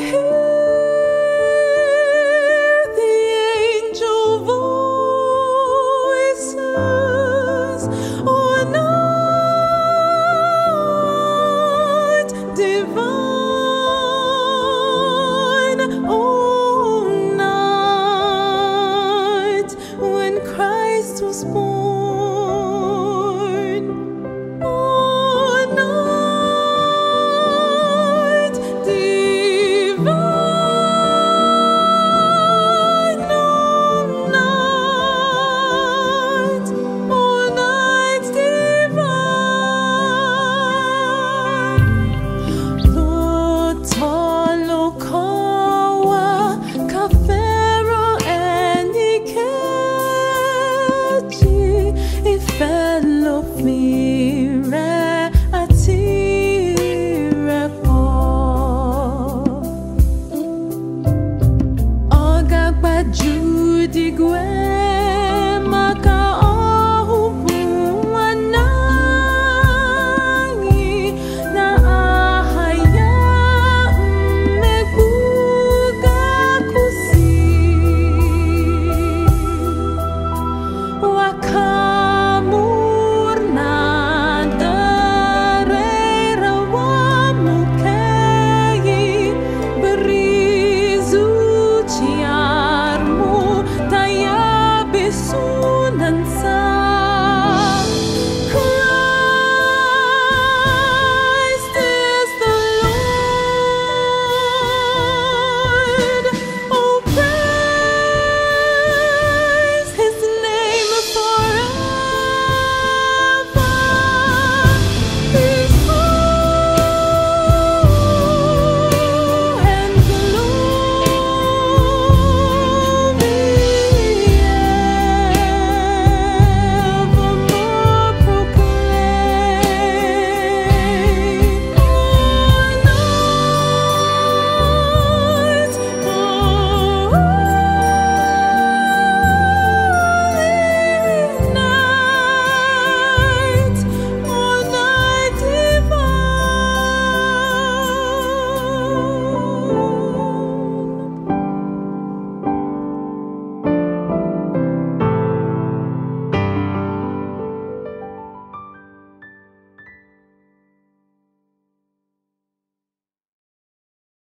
to baju di gue maka